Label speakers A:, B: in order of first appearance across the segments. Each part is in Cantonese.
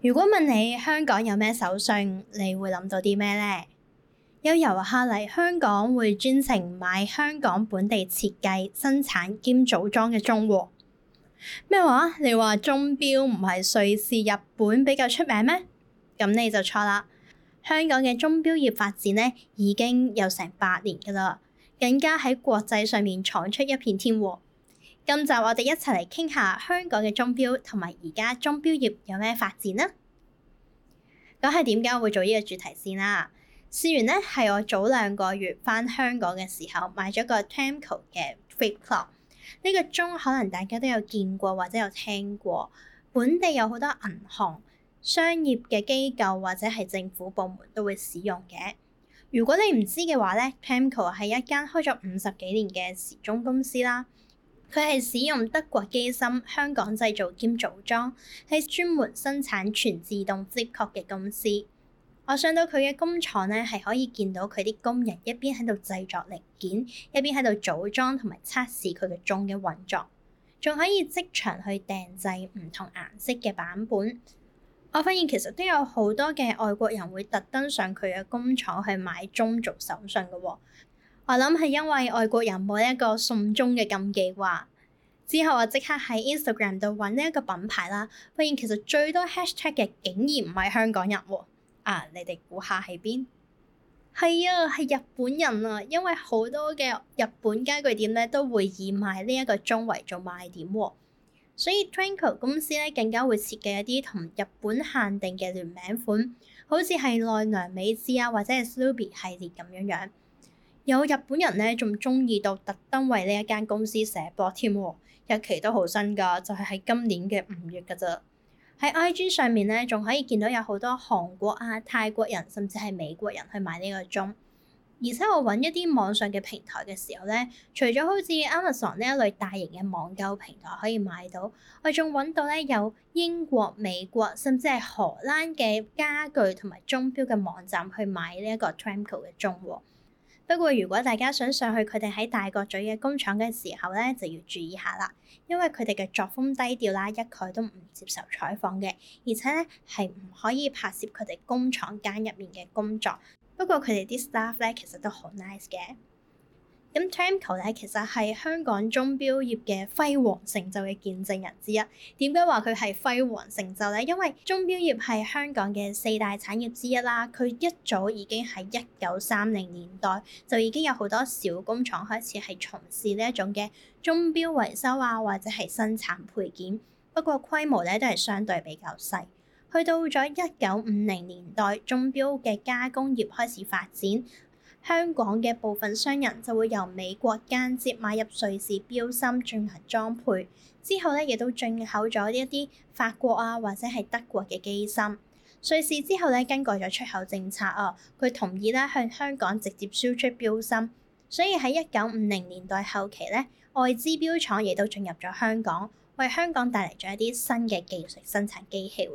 A: 如果問你香港有咩手信，你會諗到啲咩咧？有遊客嚟香港會專程買香港本地設計、生產兼組裝嘅鐘喎。咩話？你話鐘錶唔係瑞士、日本比較出名咩？咁你就錯啦！香港嘅鐘錶業發展呢已經有成百年㗎喇，更加喺國際上面闖出一片天喎。今集我哋一齊嚟傾下香港嘅鐘錶同埋而家鐘錶業有咩發展啦。咁係點解我會做呢個主題先啦？事源呢，係我早兩個月返香港嘅時候買咗個 Temco 嘅 Flip Clock，呢、呢個鐘可能大家都有見過或者有聽過，本地有好多銀行、商業嘅機構或者係政府部門都會使用嘅。如果你唔知嘅話呢 Temco 係一間開咗五十幾年嘅時鐘公司啦。佢係使用德國機芯，香港製造兼組裝，係專門生產全自動接駁嘅公司。我上到佢嘅工廠呢，係可以見到佢啲工人一邊喺度製作零件，一邊喺度組裝同埋測試佢嘅鐘嘅運作，仲可以即場去訂製唔同顏色嘅版本。我發現其實都有好多嘅外國人會特登上佢嘅工廠去買鐘做手信嘅喎、哦。我諗係因為外國人冇呢一個送鐘嘅禁忌話，之後我即刻喺 Instagram 度揾呢一個品牌啦。發現其實最多 hashtag 嘅竟然唔係香港人喎、啊。啊，你哋估下喺邊？係啊，係日本人啊，因為好多嘅日本家具店咧都會以賣呢一個鐘為做賣點喎、啊。所以 Twinkle 公司咧更加會設計一啲同日本限定嘅聯名款，好似係奈良美智啊或者係 Snoopy 系列咁樣樣。有日本人咧，仲中意到特登為呢一間公司寫博添喎，日期都好新㗎，就係喺今年嘅五月㗎咋。喺 I G 上面咧，仲可以見到有好多韓國啊、泰國人，甚至係美國人去買呢個鐘。而且我揾一啲網上嘅平台嘅時候咧，除咗好似 Amazon 呢一類大型嘅網購平台可以買到，我仲揾到咧有英國、美國，甚至係荷蘭嘅家具同埋鐘錶嘅網站去買呢一個 Tramco 嘅鐘喎。不過，如果大家想上去佢哋喺大角咀嘅工廠嘅時候呢，就要注意下啦，因為佢哋嘅作風低調啦，一概都唔接受採訪嘅，而且呢，係唔可以拍攝佢哋工廠間入面嘅工作。不過佢哋啲 staff 呢，其實都好 nice 嘅。咁 Tamco 咧，其實係香港鐘錶業嘅輝煌成就嘅見證人之一。點解話佢係輝煌成就呢？因為鐘錶業係香港嘅四大產業之一啦。佢一早已經喺一九三零年代就已經有好多小工廠開始係從事呢一種嘅鐘錶維修啊，或者係生產配件。不過規模咧都係相對比較細。去到咗一九五零年代，鐘錶嘅加工業開始發展。香港嘅部分商人就會由美國間接買入瑞士錶芯進行裝配，之後咧亦都進口咗一啲法國啊或者係德國嘅機芯。瑞士之後咧更改咗出口政策啊，佢同意咧向香港直接輸出錶芯，所以喺一九五零年代後期咧，外資錶廠亦都進入咗香港，為香港帶嚟咗一啲新嘅技術生產機器。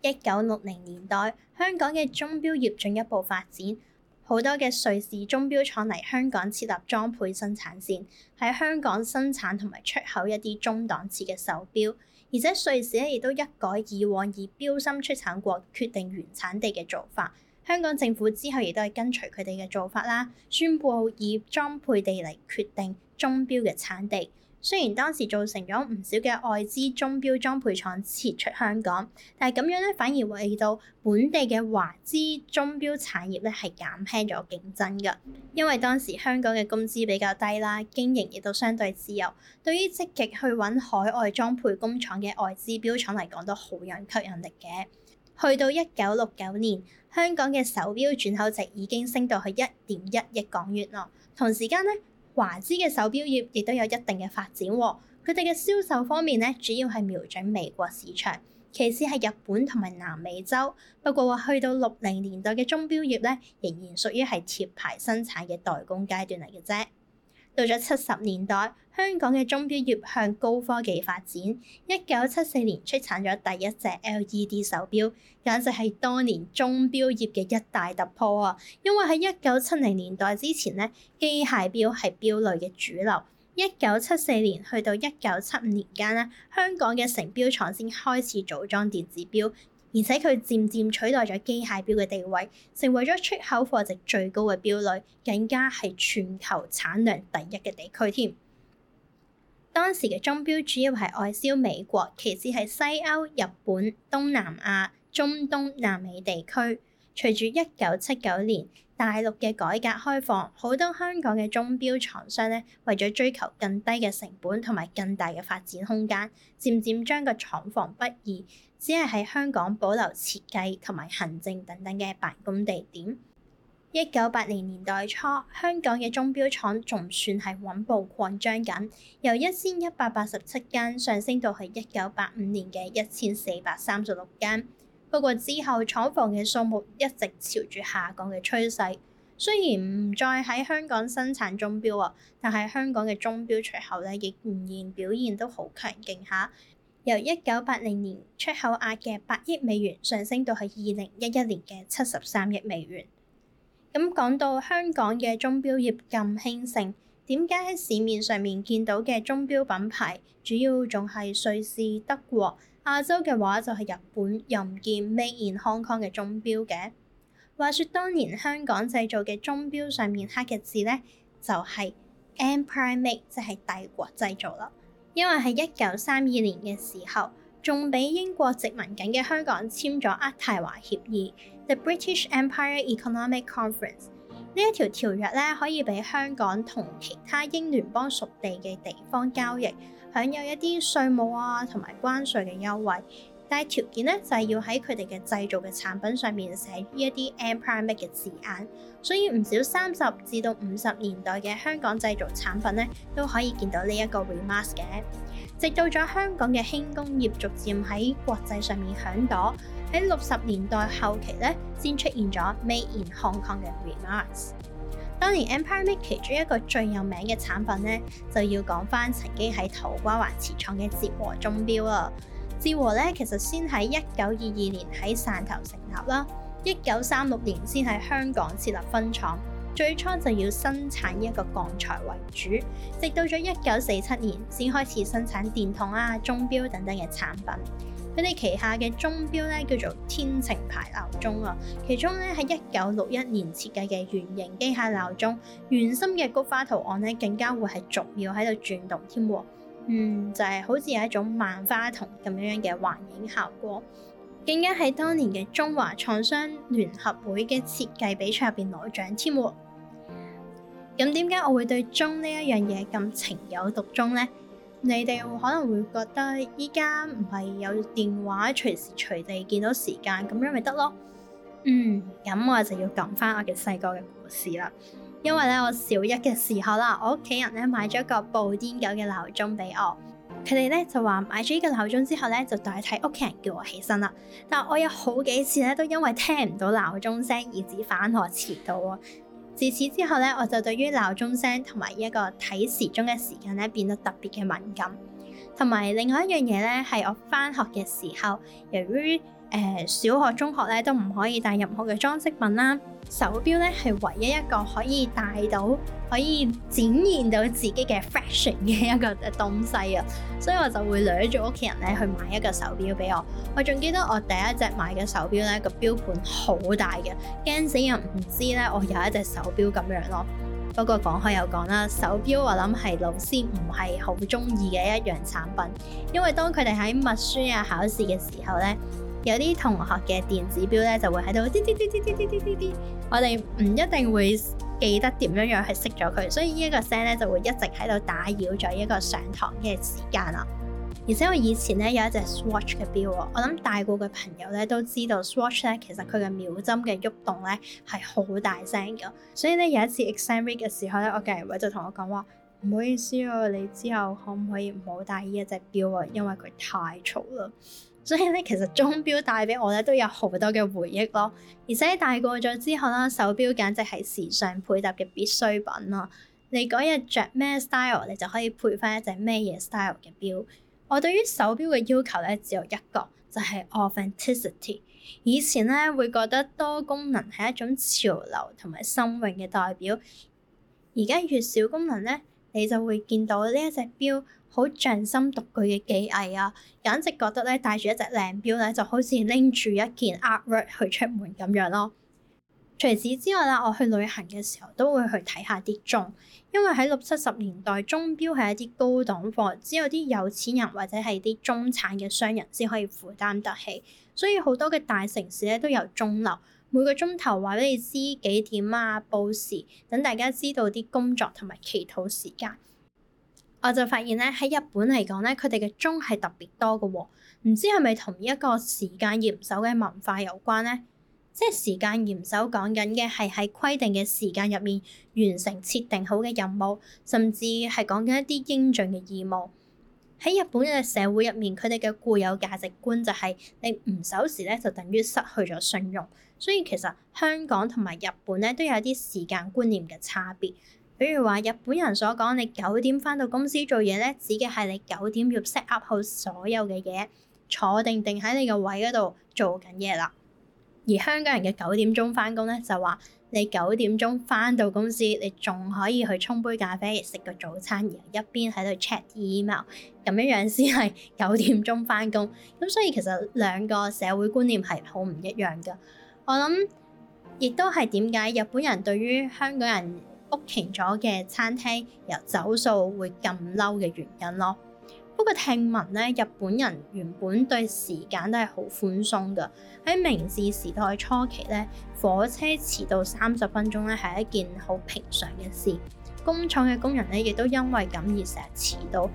A: 一九六零年代，香港嘅鐘錶業進一步發展。好多嘅瑞士鐘錶廠嚟香港設立裝配生產線，喺香港生產同埋出口一啲中檔次嘅手錶，而且瑞士呢亦都一改以往以錶芯出產國決定原產地嘅做法，香港政府之後亦都係跟隨佢哋嘅做法啦，宣布以裝配地嚟決定鐘錶嘅產地。雖然當時造成咗唔少嘅外資鐘錶裝配廠撤出香港，但係咁樣反而會令到本地嘅華資鐘錶產業咧係減輕咗競爭㗎。因為當時香港嘅工資比較低啦，經營亦都相對自由，對於積極去揾海外裝配工廠嘅外資錶廠嚟講都好有吸引力嘅。去到一九六九年，香港嘅手錶轉口值已經升到去一點一億港元咯，同時間呢。華資嘅手錶業亦都有一定嘅發展，佢哋嘅銷售方面咧，主要係瞄準美國市場，其次係日本同埋南美洲。不過話去到六零年代嘅鐘錶業咧，仍然屬於係貼牌生產嘅代工階段嚟嘅啫。到咗七十年代，香港嘅鐘表業向高科技發展。一九七四年出產咗第一隻 LED 手錶，簡直係當年鐘表業嘅一大突破啊！因為喺一九七零年代之前咧，機械錶係錶類嘅主流。一九七四年去到一九七五年間咧，香港嘅成錶廠先開始組裝電子錶。而且佢漸漸取代咗機械錶嘅地位，成為咗出口貨值最高嘅錶類，更加係全球產量第一嘅地區添。當時嘅鐘錶主要係外銷美國，其次係西歐、日本、東南亞、中東、南美地區。隨住一九七九年，大陸嘅改革開放，好多香港嘅鐘錶廠商呢，為咗追求更低嘅成本同埋更大嘅發展空間，漸漸將個廠房北移，只係喺香港保留設計同埋行政等等嘅辦公地點。一九八零年代初，香港嘅鐘錶廠仲算係穩步擴張緊，由一千一百八十七間上升到係一九八五年嘅一千四百三十六間。不過之後廠房嘅數目一直朝住下降嘅趨勢，雖然唔再喺香港生產鐘錶啊，但係香港嘅鐘錶出口咧亦仍然表現都好強勁下，由一九八零年出口額嘅八億美元上升到係二零一一年嘅七十三億美元。咁講到，到香港嘅鐘錶業咁興盛，點解喺市面上面見到嘅鐘錶品牌主要仲係瑞士、德國？亞洲嘅話就係、是、日本又唔見 made in Hong Kong 嘅鐘錶嘅。話說當年香港製造嘅鐘錶上面刻嘅字呢，就係、是、Empire Made，即係帝國製造啦。因為喺一九三二年嘅時候，仲俾英國殖民緊嘅香港簽咗《渥太華協議》（The British Empire Economic Conference）。呢一條條約呢，可以俾香港同其他英聯邦屬地嘅地方交易。享有一啲稅務啊同埋關稅嘅優惠，但係條件呢就係、是、要喺佢哋嘅製造嘅產品上面寫呢一啲 Empire Made 嘅字眼，所以唔少三十至到五十年代嘅香港製造產品呢，都可以見到呢一個 remarks 嘅。直到咗香港嘅輕工業逐漸喺國際上面響朵，喺六十年代後期呢，先出現咗 Made in Hong Kong 嘅 remarks。當年 Empire Made 其中一個最有名嘅產品呢，就要講翻曾經喺土瓜灣設廠嘅捷和鐘錶啦。捷和咧其實先喺一九二二年喺汕頭成立啦，一九三六年先喺香港設立分廠。最初就要生產一個鋼材為主，直到咗一九四七年先開始生產電筒啊、鐘錶等等嘅產品。佢哋旗下嘅鐘錶咧叫做天晴牌鬧鐘啊，其中咧喺一九六一年設計嘅圓形機械鬧鐘，圓心嘅菊花圖案咧更加會係逐秒喺度轉動添，嗯，就係、是、好似係一種萬花筒咁樣樣嘅幻影效果，更加喺當年嘅中華創商聯合會嘅設計比賽入邊攞獎添。咁點解我會對鐘呢一樣嘢咁情有獨鍾呢？你哋可能會覺得依家唔係有電話隨時隨地見到時間咁樣咪得咯？嗯，咁我就要講翻我嘅細個嘅故事啦。因為咧，我小一嘅時候啦，我屋企人咧買咗個布丁狗嘅鬧鐘俾我，佢哋咧就話買咗呢個鬧鐘之後咧，就代替屋企人叫我起身啦。但我有好幾次咧，都因為聽唔到鬧鐘聲而止返學遲到啊！自此之後咧，我就對於鬧鐘聲同埋一個睇時鐘嘅時間咧，變得特別嘅敏感。同埋另外一樣嘢咧，係我返學嘅時候，由於誒、欸、小學、中學咧都唔可以帶任何嘅裝飾品啦。手錶咧係唯一一個可以帶到、可以展現到自己嘅 fashion 嘅一個誒東西啊。所以我就會掠咗屋企人咧去買一個手錶俾我。我仲記得我第一隻買嘅手錶咧，個錶盤好大嘅，驚死人唔知咧我有一隻手錶咁樣咯。不過講開又講啦，手錶我諗係老師唔係好中意嘅一樣產品，因為當佢哋喺默書啊、考試嘅時候咧。有啲同學嘅電子錶咧就會喺度滴滴滴滴滴滴滴滴，我哋唔一定會記得點樣樣去熄咗佢，所以呢一個聲咧就會一直喺度打擾咗一個上堂嘅時間啦。而且我以前咧有一隻 Swatch 嘅錶喎，我諗戴過嘅朋友咧都知道 Swatch 咧其實佢嘅秒針嘅喐動咧係好大聲㗎，所以咧有一次 exam week 嘅時候咧，OK，我隔籬位就同我講話：唔好意思啊，你之後可唔可以唔好戴呢一隻錶啊？因為佢太嘈啦。所以咧，其實鐘錶帶俾我咧都有好多嘅回憶咯。而且大個咗之後啦，手錶簡直係時尚配搭嘅必需品啦。你嗰日着咩 style，你就可以配翻一隻咩嘢 style 嘅錶。我對於手錶嘅要求咧，只有一個，就係 authenticity。以前咧會覺得多功能係一種潮流同埋新穎嘅代表，而家越少功能咧。你就會見到呢一隻錶好匠心獨具嘅技藝啊！簡直覺得咧戴住一隻靚錶咧，就好似拎住一件 artwork 去出門咁樣咯。除此之外啦，我去旅行嘅時候都會去睇下啲鐘，因為喺六七十年代鐘錶係一啲高檔貨，只有啲有錢人或者係啲中產嘅商人先可以負擔得起，所以好多嘅大城市咧都有鐘樓。每個鐘頭話畀你知幾點啊，報時等大家知道啲工作同埋祈禱時間。我就發現咧，喺日本嚟講咧，佢哋嘅鐘係特別多嘅喎，唔知係咪同一個時間嚴守嘅文化有關咧？即係時間嚴守講緊嘅係喺規定嘅時間入面完成設定好嘅任務，甚至係講緊一啲應盡嘅義務。喺日本嘅社會入面，佢哋嘅固有價值觀就係、是、你唔守時咧，就等於失去咗信用。所以其實香港同埋日本咧都有啲時間觀念嘅差別，比如話日本人所講，你九點翻到公司做嘢咧，指嘅係你九點要 set up 好所有嘅嘢，坐定定喺你個位嗰度做緊嘢啦。而香港人嘅九點鐘翻工咧，就話你九點鐘翻到公司，你仲可以去沖杯咖啡，食個早餐，然後一邊喺度 check email，咁樣樣先係九點鐘翻工。咁所以其實兩個社會觀念係好唔一樣㗎。我諗，亦都係點解日本人對於香港人 book 咗嘅餐廳由走數會咁嬲嘅原因咯。不過聽聞呢，日本人原本對時間都係好寬鬆㗎。喺明治時代初期呢，火車遲到三十分鐘呢係一件好平常嘅事。工廠嘅工人呢亦都因為咁而成日遲到，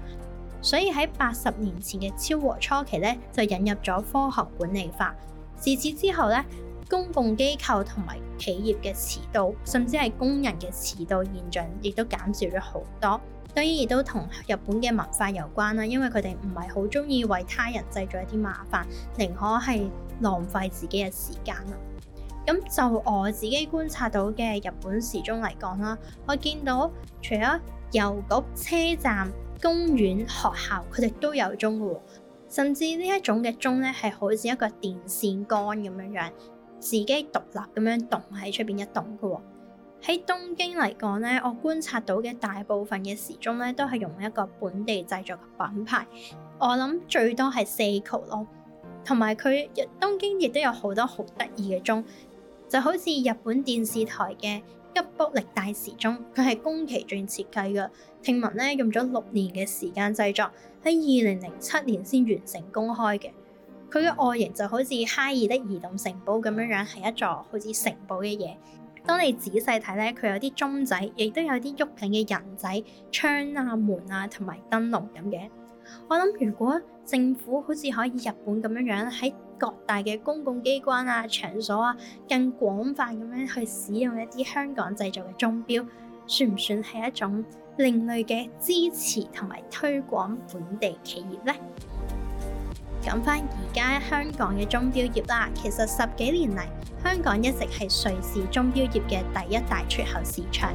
A: 所以喺八十年前嘅昭和初期呢，就引入咗科學管理法。自此之後呢，公共機構同埋企業嘅遲到，甚至係工人嘅遲到現象，亦都減少咗好多。當然，亦都同日本嘅文化有關啦，因為佢哋唔係好中意為他人製造一啲麻煩，寧可係浪費自己嘅時間啦。咁就我自己觀察到嘅日本時鐘嚟講啦，我見到除咗郵局、車站、公園、學校，佢哋都有鐘嘅，甚至呢一種嘅鐘咧係好似一個電線桿咁樣樣。自己獨立咁樣棟喺出邊一棟嘅喎，喺東京嚟講呢，我觀察到嘅大部分嘅時鐘呢，都係用一個本地製作嘅品牌。我諗最多係四 e i 咯，同埋佢東京亦都有好多好得意嘅鐘，就好似日本電視台嘅急卜力大時鐘，佢係宮崎俊設計嘅，聽聞呢，用咗六年嘅時間製作，喺二零零七年先完成公開嘅。佢嘅外形就好似哈爾的移動城堡咁樣樣，係一座好似城堡嘅嘢。當你仔細睇咧，佢有啲鐘仔，亦都有啲喐緊嘅人仔、窗啊、門啊同埋燈籠咁嘅。我諗如果政府好似可以日本咁樣樣喺各大嘅公共機關啊、場所啊，更廣泛咁樣去使用一啲香港製造嘅鐘錶，算唔算係一種另類嘅支持同埋推廣本地企業呢？講翻而家香港嘅鐘錶業啦，其實十幾年嚟，香港一直係瑞士鐘錶業嘅第一大出口市場。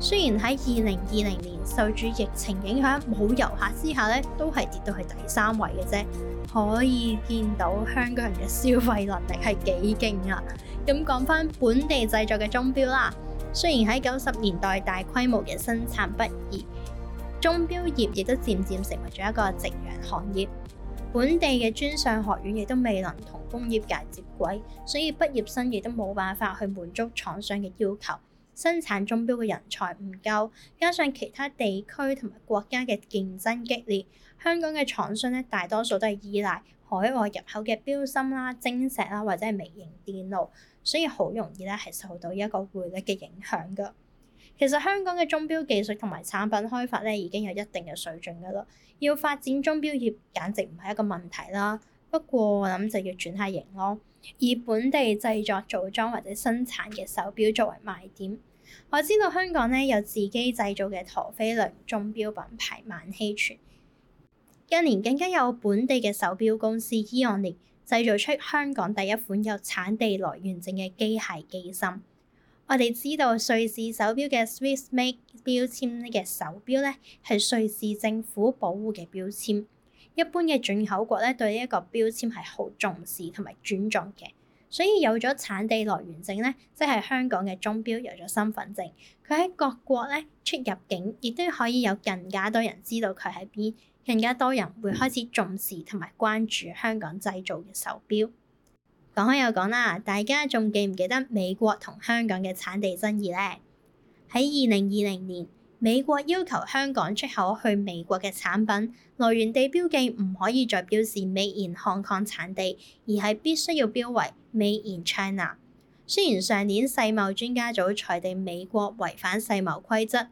A: 雖然喺二零二零年受住疫情影響，冇遊客之下咧，都係跌到去第三位嘅啫。可以見到香港人嘅消費能力係幾勁啊！咁講翻本地製作嘅鐘錶啦，雖然喺九十年代大規模嘅生產不易，鐘錶業亦都漸漸成為咗一個夕陽行業。本地嘅專上學院亦都未能同工業界接軌，所以畢業生亦都冇辦法去滿足廠商嘅要求。生產鐘錶嘅人才唔夠，加上其他地區同埋國家嘅競爭激烈，香港嘅廠商咧大多數都係依賴海外入口嘅錶芯啦，晶石啦或者係微型電路，所以好容易咧係受到一個匯率嘅影響噶。其實香港嘅鐘錶技術同埋產品開發咧已經有一定嘅水準噶啦，要發展鐘錶業簡直唔係一個問題啦。不過我諗就要轉下型咯，以本地製作組裝或者生產嘅手錶作為賣點。我知道香港咧有自己製造嘅陀飛輪鐘錶品牌萬希泉，近年更加有本地嘅手錶公司伊昂烈製造出香港第一款有產地來源證嘅機械機芯。我哋知道瑞士手錶嘅 Swiss Made 標籤嘅手錶咧，係瑞士政府保護嘅標籤。一般嘅進口國咧，對呢一個標籤係好重視同埋尊重嘅。所以有咗產地來源證咧，即係香港嘅鐘錶有咗身份證，佢喺各國咧出入境亦都可以有更加多人知道佢喺邊，更加多人會開始重視同埋關注香港製造嘅手錶。講開又講啦，大家仲記唔記得美國同香港嘅產地爭議呢？喺二零二零年，美國要求香港出口去美國嘅產品來源地標記唔可以再表示 Made in Hong Kong 產地，而係必須要標為 Made in China。雖然上年世貿專家組裁定美國違反世貿規則，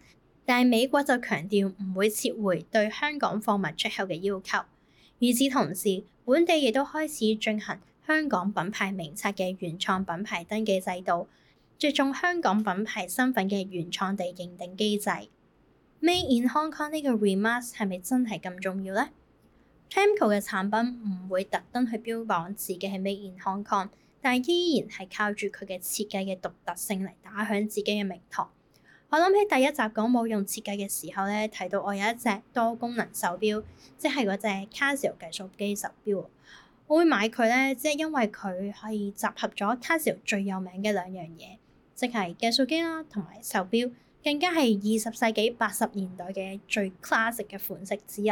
A: 但係美國就強調唔會撤回對香港貨物出口嘅要求。與此同時，本地亦都開始進行。香港品牌名冊嘅原創品牌登記制度，注重香港品牌身份嘅原創地認定機制。Made in Hong Kong 呢個 remark 係咪真係咁重要咧？t a n c o 嘅產品唔會特登去標榜自己係 Made in Hong Kong，但係依然係靠住佢嘅設計嘅獨特性嚟打響自己嘅名堂。我諗起第一集講冇用設計嘅時候咧，提到我有一隻多功能手錶，即係嗰隻 Casio 計數機手錶。我會買佢咧，即係因為佢係集合咗 Casio 最有名嘅兩樣嘢，即係計數機啦，同埋手錶，更加係二十世紀八十年代嘅最 classic 嘅款式之一。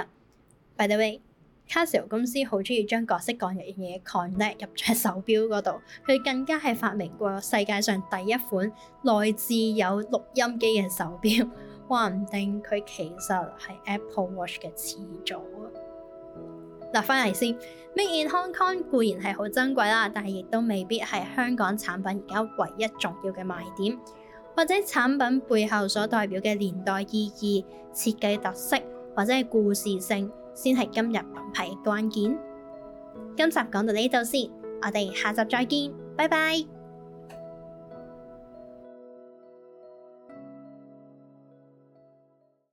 A: By the way，Casio 公司好中意將各式各樣嘢 connect 入咗手錶嗰度，佢更加係發明過世界上第一款內置有錄音機嘅手錶，話唔定佢其實係 Apple Watch 嘅始祖啊！搭翻嚟先 Made in Hong Kong 固然係好珍貴啦，但係亦都未必係香港產品而家唯一重要嘅賣點，或者產品背後所代表嘅年代意義、設計特色或者係故事性，先係今日品牌嘅關鍵。今集講到呢度先，我哋下集再見，拜拜。